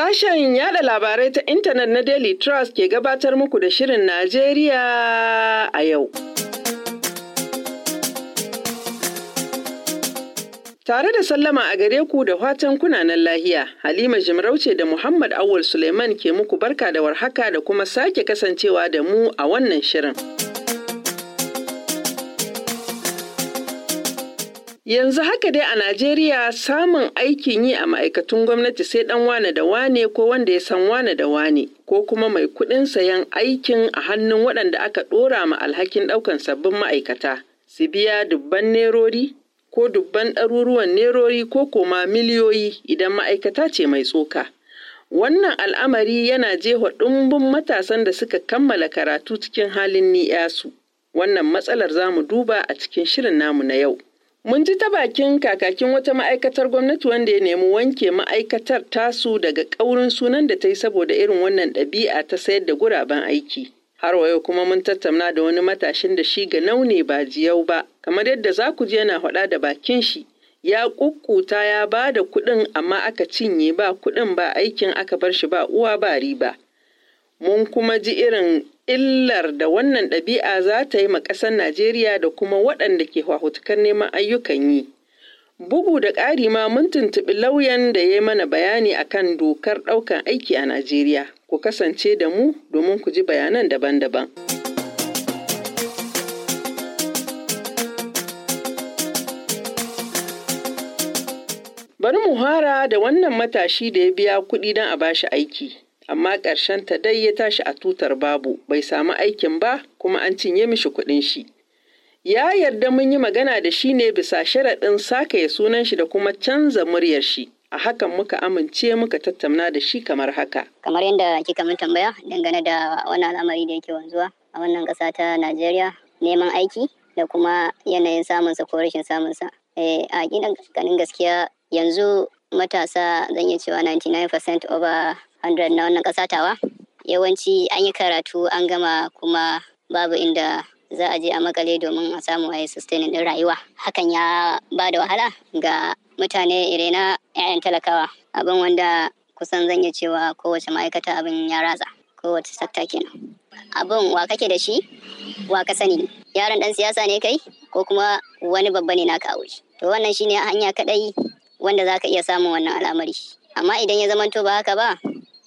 Sashen yada labarai ta intanet na Daily Trust ke gabatar muku da Shirin Najeriya a yau. Tare da sallama a gare ku da fatan kunanan lahiya, Halima Jimarauce da Muhammad Awul Suleiman ke muku barka da warhaka da kuma sake kasancewa da mu a wannan shirin. Yanzu haka dai a Najeriya samun aikin yi a ma'aikatun gwamnati sai ɗan wane da wane ko wanda ya san wane da wane ko kuma mai kuɗin sayan aikin a hannun waɗanda aka ɗora ma alhakin ɗaukan sabbin ma'aikata su biya dubban nerori ko dubban ɗaruruwan nerori ko koma miliyoyi idan ma'aikata ce mai tsoka. Wannan al'amari yana jefa ɗumbin matasan da suka kammala karatu cikin halin ni'yasu. Wannan matsalar za mu duba a cikin shirin namu na yau. Mun ji ta bakin kakakin wata ma'aikatar gwamnati wanda ya nemi wanke ma'aikatar tasu daga ƙaurin sunan da ta yi saboda irin wannan ɗabi'a ta sayar da guraben aiki. Har wayo kuma mun tattauna da wani matashin da shi ga naune ba jiyau ba, kamar yadda za ku ji yana faɗa da bakin shi. Ya ƙuƙƙuta ya ba da kuɗin amma aka cinye ba kuɗin ba aikin aka bar shi ba uwa ba riba. Mun kuma ji irin illar da wannan ɗabi'a za ta yi ma ƙasar Najeriya da kuma waɗanda ke hahutukar neman ayyukan yi. Bugu da ƙari ma mun tuntuɓi lauyan da ya yi mana bayani a kan dokar ɗaukan aiki a Najeriya. Ku kasance da mu domin ku ji bayanan daban-daban. Bari mu hara da wannan matashi da ya biya kuɗi don a bashi aiki. amma ƙarshen ta dai ya tashi a tutar babu bai samu aikin ba kuma an cinye mishi kuɗin shi. Ya yarda mun yi magana da shi ne bisa sharaɗin saka ya sunan shi da kuma canza muryar shi. a hakan muka amince muka tattauna da shi kamar haka. Kamar yadda kika mun tambaya dangane da wannan al'amari da yake wanzuwa a wannan ƙasa ta Najeriya neman aiki da kuma yanayin samun sa ko rashin samunsa. sa, eh, a ganin gaskiya yanzu matasa zan iya cewa 99% over 100 na wannan ƙasa tawa yawanci an yi karatu an gama kuma babu inda za a je a makale domin a samu a yi sustainin din rayuwa hakan ya ba da wahala ga mutane irena 'ya'yan talakawa abin wanda kusan zan iya cewa kowace ma'aikata abin ya ratsa kowace sakta kenan abin wa kake da shi wa ka sani yaron dan siyasa ne kai ko kuma wani babba ne naka aure to wannan shine hanya kadai wanda zaka iya samun wannan al'amari amma idan ya zamanto ba haka ba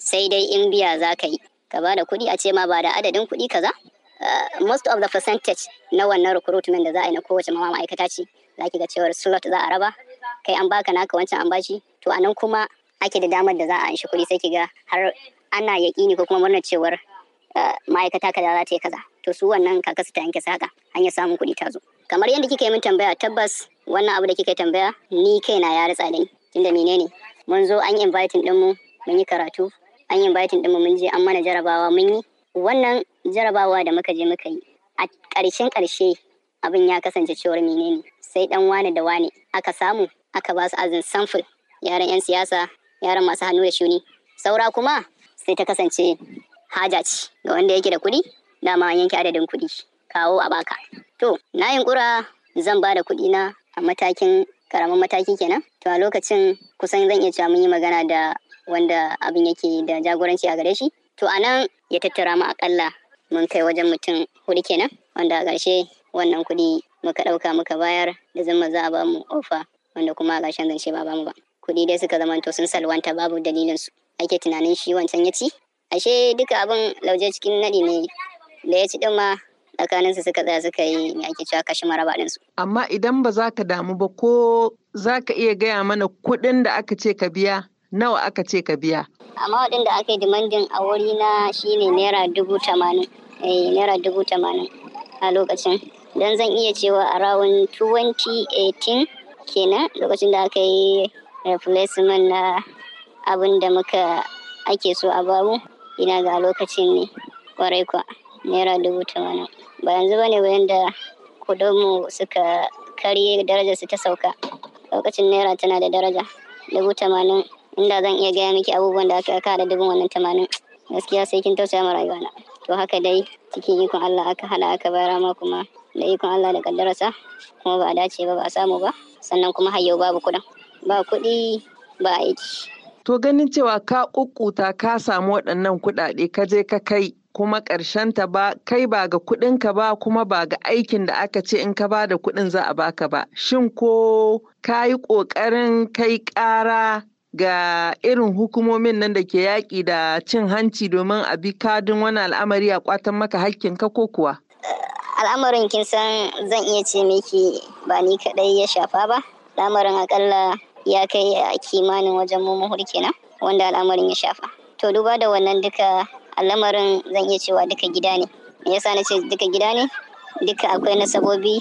sai dai in biya za ka yi ka ba da kuɗi a ce ma ba da adadin kuɗi kaza eh, most of the percentage na wannan recruitment da za a yi na kowace mama ma'aikata ce za ki ga cewar slot za a raba kai an baka naka wancan an bashi to a nan kuma ake da damar da za a anshi kuɗi sai ki ga har ana yaƙini ko kuma murnar cewar eh, ma'aikata kaza za ta yi kaza to su wannan kaka su ta yanke saka hanyar samun kuɗi ta zo kamar yadda kika yi min tambaya tabbas wannan abu da kika yi tambaya ni kaina ya ritsa tsada ni tunda menene mun zo an inviting mu mun yi karatu an yi bayatin ɗinmu mun je an mana jarabawa mun yi wannan jarabawa da muka je muka yi a ƙarshen ƙarshe abin ya kasance cewar menene sai ɗan wane da wane aka samu aka ba su azin samfur yaran 'yan siyasa yaran masu hannu da shuni saura kuma sai ta kasance haja ce ga wanda yake da kuɗi dama an yanke adadin kuɗi kawo a baka to na yunkura zan ba da kuɗi na a matakin karamin mataki kenan to a lokacin kusan zan iya cewa mun yi magana da wanda abin yake da jagoranci a gare shi to a nan ya tattara mu akalla mun kai wajen mutum hudu kenan wanda a ƙarshe wannan kuɗi muka ɗauka muka bayar da zama za a ba mu ofa wanda kuma a ƙarshen zance ba ba mu ba kuɗi dai suka to sun salwanta babu dalilin su ake tunanin shi wancan ya ci ashe duka abin lauje cikin naɗi ne da ya ci ɗin ma tsakaninsu suka tsaya suka yi me ake cewa kashe maraba ɗinsu. Amma idan ba za ka damu ba ko za ka iya gaya mana kuɗin da aka ce ka biya nawa aka ce ka biya amma waɗanda aka dimandin demanding a wuri na shine naira dubu tamanin eh, naira dubu tamanin a lokacin don zan iya cewa a rawun 2018 kenan lokacin da aka yi replacement na abin da muka ake so a babu ina ga lokacin ne kwarai kwa naira dubu tamanin ba yanzu ba ne bayan da kudinmu suka karye darajar ta sauka lokacin naira tana da daraja dubu tamanin inda zan iya gaya miki abubuwan da aka kada dubin wannan tamanin gaskiya sai kin tausaya ma rayuwa na to haka dai cikin ikon Allah aka hala aka bayar ma kuma da ikon Allah da kaddararsa kuma ba a dace ba ba a samu ba sannan kuma hayyo babu kuɗin ba kuɗi ba aiki to ganin cewa ka kukkuta ka samu waɗannan kuɗaɗe ka je ka kai kuma ta ba kai ba ga ka ba kuma ba ga aikin da aka ce in ka ba da kuɗin za a baka ba shin ko ka yi ƙoƙarin kai ƙara ga irin hukumomin nan da ke yaƙi da cin hanci domin a bi kadin wani al'amari a kwatan maka hakkin ka ko kuwa? Al'amarin kin san zan iya ce miki ba ni kaɗai ya shafa ba. Al'amarin akalla ya kai a kimanin wajen mu kenan wanda al'amarin ya shafa. To duba da wannan duka al'amarin zan iya cewa duka gida ne. Me yasa na ce duka gida ne? Duka akwai nasabobi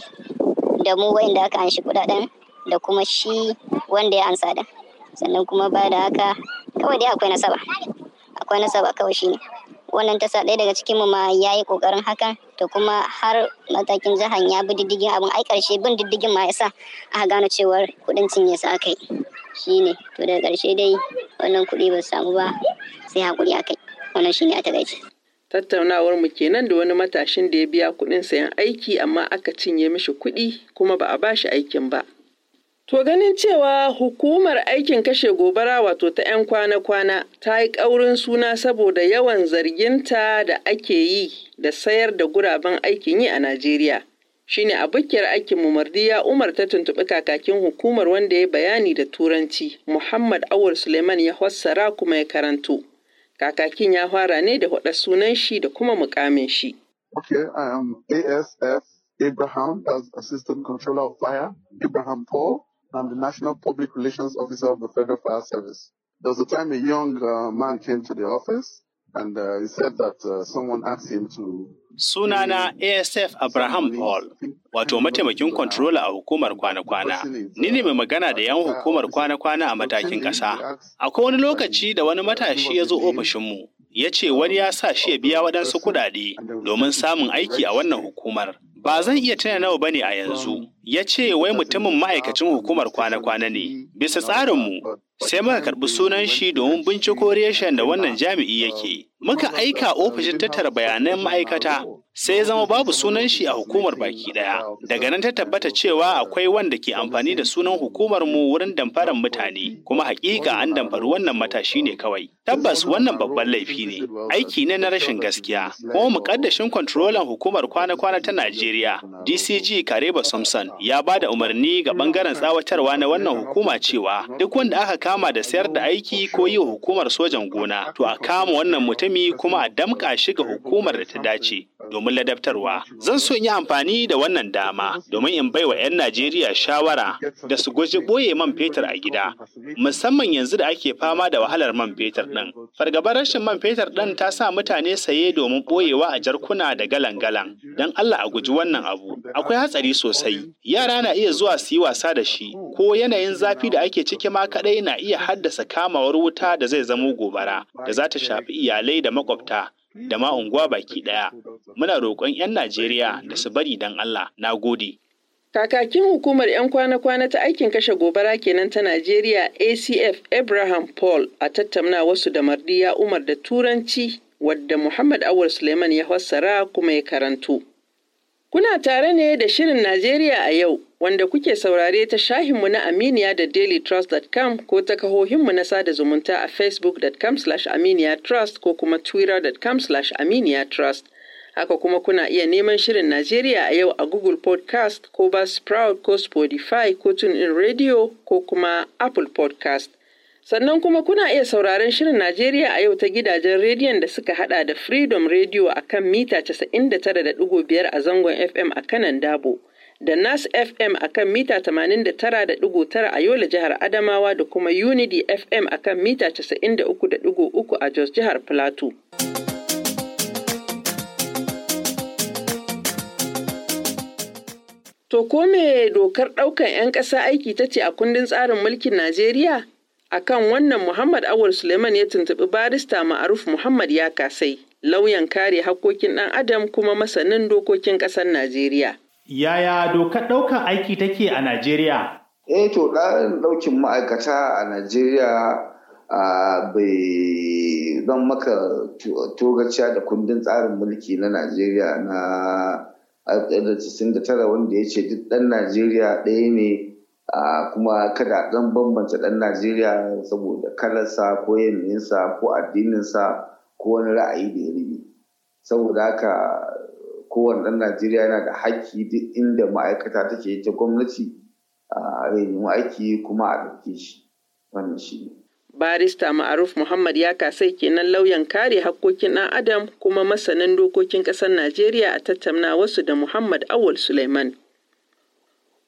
da mu wa'inda aka anshi kuɗaɗen da kuma shi wanda ya ansa din. sannan kuma ba da haka kawai dai akwai nasaba akwai nasaba kawai shine wannan ta sa ɗaya daga cikin mu ma ya yi ƙoƙarin hakan to kuma har matakin jihar ya bi diddigin abin ai ƙarshe bin diddigin ma ya sa aka gano cewar kuɗin cinye su aka yi shine to daga ƙarshe dai wannan kuɗi ba su samu ba sai haƙuri akai wannan shine a takaice tattaunawar mu kenan da wani matashin da ya biya kuɗin sayan aiki amma aka cinye mishi kuɗi kuma ba a bashi aikin ba To ganin cewa hukumar aikin kashe gobara wato ta 'yan kwana-kwana ta yi ƙaurin suna saboda yawan zarginta da ake yi da sayar da guraben aikin yi a Najeriya. shi Shine bukiyar aikin mu Mardiya Umar ta tuntuɓi kakakin hukumar wanda ya bayani da Turanci, Muhammad Awul Suleiman ya hossara kuma ya karanto. Kakakin ya fara ne da haɗa sunan shi da kuma mukamin shi. Okay, I am ASF Abraham as Assistant Controller of Fire, Abraham Paul. I'm the National Public Relations Officer of the Federal Fire Service. There was a time a young uh, man came to the office and uh, he said that uh, someone asked him to Sunana ASF Abraham Paul, wato mataimakin kontrola uh, a hukumar kwana-kwana. Ni ne uh, mai magana da yan uh, hukumar kwana-kwana a matakin ƙasa. Akwai wani lokaci da wani matashi ya zo ofishinmu, ya ce wani ya sa shi ya biya waɗansu kuɗaɗe domin samun aiki a wannan hukumar. Ba zan iya tuna nawa ba ne a yanzu, ya ce wai mutumin ma'aikacin hukumar kwana-kwana ne, bisa tsarinmu sai muka karɓi sunan shi domin binciko reshen da wannan jami'i yake. Muka aika ofishin tattara bayanan ma'aikata sai ya zama babu sunan shi a hukumar baki daya daga nan ta tabbata cewa akwai wanda ke amfani da sunan hukumar mu wurin damfarar mutane kuma hakika an damfari wannan matashi ne kawai tabbas wannan babban laifi ne aiki ne na rashin gaskiya kuma mukaddashin kwantrolan hukumar kwana-kwana ta Najeriya DCG Kareba Samson ya ba da umarni ga bangaren tsawatarwa na wannan hukuma cewa duk wanda aka kama da sayar da aiki ko yi hukumar sojan gona to a kama wannan mutumi kuma a damƙa shi ga hukumar da ta dace domin ladabtarwa. Zan so in yi amfani da wannan dama domin in baiwa 'yan Najeriya shawara da su guji boye man fetur a gida, musamman yanzu da ake fama da wahalar man fetur ɗin. Fargabar rashin man fetur ɗin ta sa mutane saye domin boyewa a jarkuna da galan-galan. Don Allah a guji wannan abu. Akwai hatsari sosai. Yara na iya zuwa su yi wasa da shi, ko yanayin zafi da ake ciki ma kaɗai na iya haddasa kamawar wuta da zai zamo gobara da za ta shafi iyalai da makwabta da ma unguwa baki ɗaya. Muna roƙon 'yan Najeriya da su bari don Allah. Na gode. Kakakin hukumar 'yan kwana-kwana ta aikin kashe gobara kenan ta Najeriya ACF Abraham Paul a tattauna wasu da Mardiya Umar da Turanci wadda Muhammad Awar Suleiman ya fassara kuma ya karanto. Kuna tare ne da Shirin Najeriya a yau wanda kuke saurare ta shahinmu na Aminiya da dailytrust.com ko ta kahohinmu na sada zumunta a facebook.com/aminiya trust ko kuma twitter.com/aminiya trust. Haka kuma kuna iya neman shirin Najeriya a yau a Google Podcast ko Buzzsprout ko Spotify ko TuneIn Radio ko kuma Apple Podcast. Sannan kuma kuna iya sauraron shirin Najeriya a yau ta gidajen rediyon da suka hada da Freedom Radio a kan mita 99.5 a zangon FM a kanan Dabo, da Nas FM a kan mita 89.9 a Yola jihar Adamawa da kuma Unity FM a kan mita 93.3 a Jos jihar Plateau. ko me dokar ɗaukan 'yan ƙasa aiki ta ce a kundin tsarin mulkin Najeriya? A kan wannan Muhammad Awul Suleiman ya tuntuɓi barista Ma'aruf Muhammad ya kasai, lauyan kare hakkokin ɗan Adam kuma masanin dokokin ƙasar Najeriya. Yaya dokar ɗaukar aiki take a Najeriya? Eh to ɗan ɗaukin ma'aikata a Najeriya bai zan maka togaciya da kundin tsarin mulki na Najeriya na tara wanda ya ce duk ɗan najeriya ɗaya ne kuma kada ɗan bambanta ɗan najeriya saboda kalarsa ko yanayinsa ko addininsa ko wani ra'ayi da ya saboda haka kowane ɗan najeriya yana da haƙƙi duk inda ma'aikata take ta gwamnati a aiki kuma a ɗauke shi wannan shi ne barista ma'aruf muhammad ya kasai kenan lauyan kare hakkokin ɗan adam kuma masanin dokokin ƙasar najeriya a tattauna wasu da muhammad awal suleiman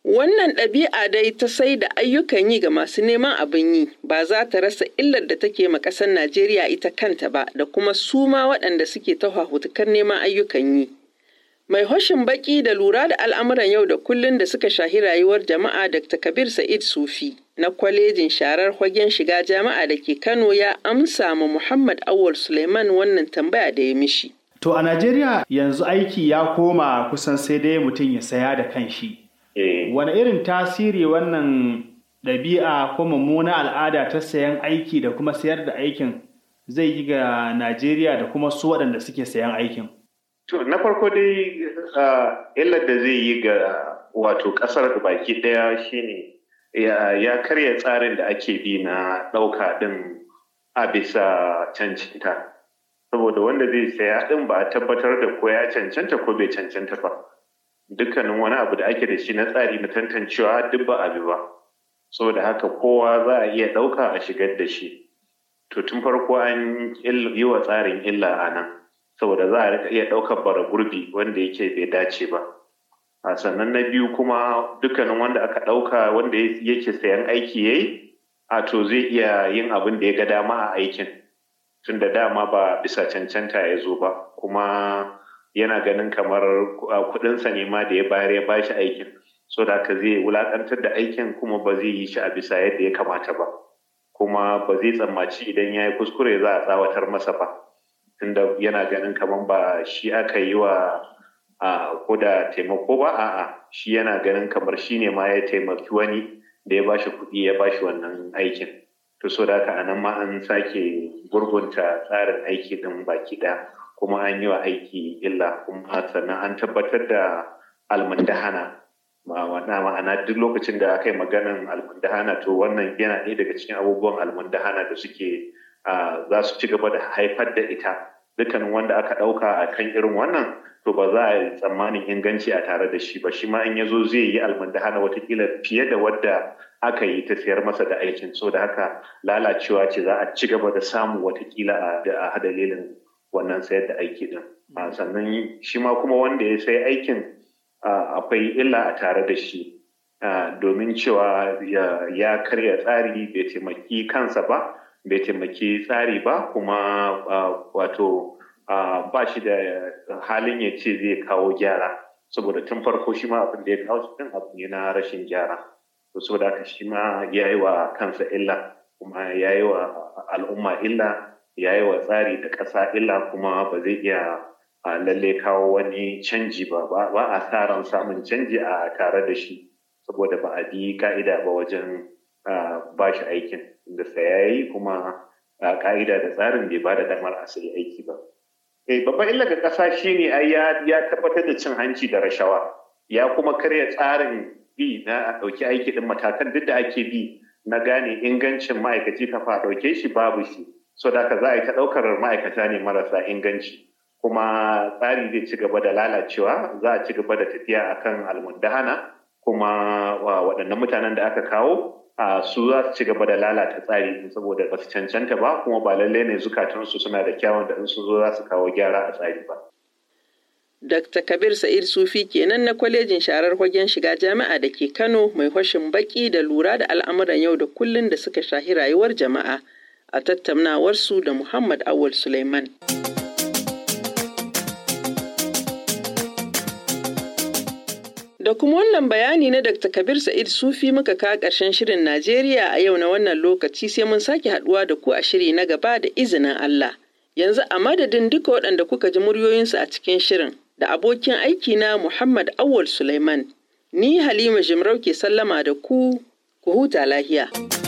wannan ɗabi'a dai ta sai da ayyukan yi ga masu neman abin yi ba za ta rasa illar da take ma ƙasar najeriya ita kanta ba da kuma su ma waɗanda suke ta neman ayyukan yi Mai hoshin baki da lura da al'amuran yau da kullun da suka shahi rayuwar jama'a Dr. Kabir Sa'id Sufi na kwalejin sharar fagen shiga jama'a da ke Kano ya amsa ma Muhammad Awul Suleiman wannan tambaya da ya mishi. To a Najeriya yanzu aiki ya koma kusan sai dai mutum ya saya da kanshi. Eh. Wani irin tasiri wannan ɗabi'a ko mummuna al'ada ta sayan aiki da kuma sayar da aikin zai yi ga Najeriya da kuma su waɗanda suke sayan aikin. To, na farko dai illar da zai yi ga wato ƙasar baki ɗaya shine ya karya tsarin da ake bi na ɗauka ɗin a bisa cancanta. Saboda wanda zai saya ɗin ba a tabbatar da ko ya cancanta ko bai cancanta ba. Dukkanin wani abu da ake da shi na tsari na tantancewa duk ba bi ba. Saboda haka kowa za a iya ɗauka a shigar da shi. To tun farko an yi wa tsarin illa a nan. saboda za a rika iya ɗaukar bara gurbi wanda yake bai dace ba a sannan na biyu kuma dukkanin wanda aka ɗauka wanda yake sayan aiki yayi a to zai iya yin abin da ya ga dama a aikin tun da dama ba bisa cancanta ya zo ba kuma yana ganin kamar kuɗinsa ne ma da ya bayar ya ba shi aikin so da aka zai wulakantar da aikin kuma ba zai yi shi a bisa yadda ya kamata ba kuma ba zai tsammaci idan ya yi kuskure za a tsawatar masa ba tunda yana ganin kamar ba shi aka yi wa ko da taimako ba a'a shi yana ganin kamar shi ne ma ya taimaki wani da ya bashi kuɗi ya bashi wannan aikin to so da haka ma an sake gurgunta tsarin aiki ɗin baki ɗaya kuma an yi wa aiki illa kuma sannan an tabbatar da almundahana ma'ana ma'ana duk lokacin da aka yi maganan almundahana to wannan yana ɗaya daga cikin abubuwan almundahana da suke za su ci gaba da haifar da ita dukkanin wanda aka ɗauka a kan irin wannan to ba za a yi tsammanin inganci a tare da shi ba shi ma in ya zo zai yi almanda hana watakila fiye da wadda aka yi ta siyar masa da aikin so da haka lalacewa ce za a ci gaba da samu watakila a dalilin wannan sayar da aiki din sannan shi ma kuma wanda ya sai aikin akwai illa a tare da shi domin cewa ya karya tsari bai taimaki kansa ba bai taimaki tsari ba kuma wato ba shi da halin ya ce zai kawo gyara saboda tun farko shi ma abin da ya kawo cikin abu ne na rashin gyara to saboda haka shi ma ya yi wa kansa illa kuma ya yi wa al'umma illa ya yi wa tsari da ƙasa illa kuma ba zai iya lalle kawo wani canji ba ba a sa ran samun canji a tare da shi saboda ba a bi ka'ida ba wajen ba shi aikin da sayayi kuma a ka'ida da tsarin bai ba da damar a sayi aiki ba. Eh, babban illa ga ƙasa shi ne ya tabbatar da cin hanci da rashawa ya kuma karya tsarin bi na ɗauki aiki ɗin matakan duk da ake bi na gane ingancin ma'aikaci kafa a ɗauke shi babu shi. So da za a yi ta ɗaukar ma'aikata ne marasa inganci. Kuma tsari zai ci gaba da lalacewa za a ci gaba da tafiya akan almundahana kuma waɗannan mutanen da aka kawo a su za su ci gaba da lalata tsari saboda ba su cancanta ba kuma ba lalle ne zukatansu suna da kyawun da in sun zo za su kawo gyara a tsari ba. Dr. Kabir Sa'id Sufi kenan na kwalejin sharar fagen shiga jami'a da ke Kano mai hwashin baki da lura da al'amuran yau da kullun da suka shahi rayuwar jama'a a tattaunawar su da Muhammad Awul Suleiman. Da kuma wannan bayani na Dr. Kabir Sa'id Sufi muka ka ƙarshen shirin Najeriya a yau na wannan lokaci sai mun sake haɗuwa da ku a shiri na gaba da izinin Allah. Yanzu a madadin duka waɗanda kuka ji muryoyinsu a cikin shirin da abokin aiki na Muhammad Awul Sulaiman. Ni Halima Jimarau ke sallama da ku, ku huta lahiya.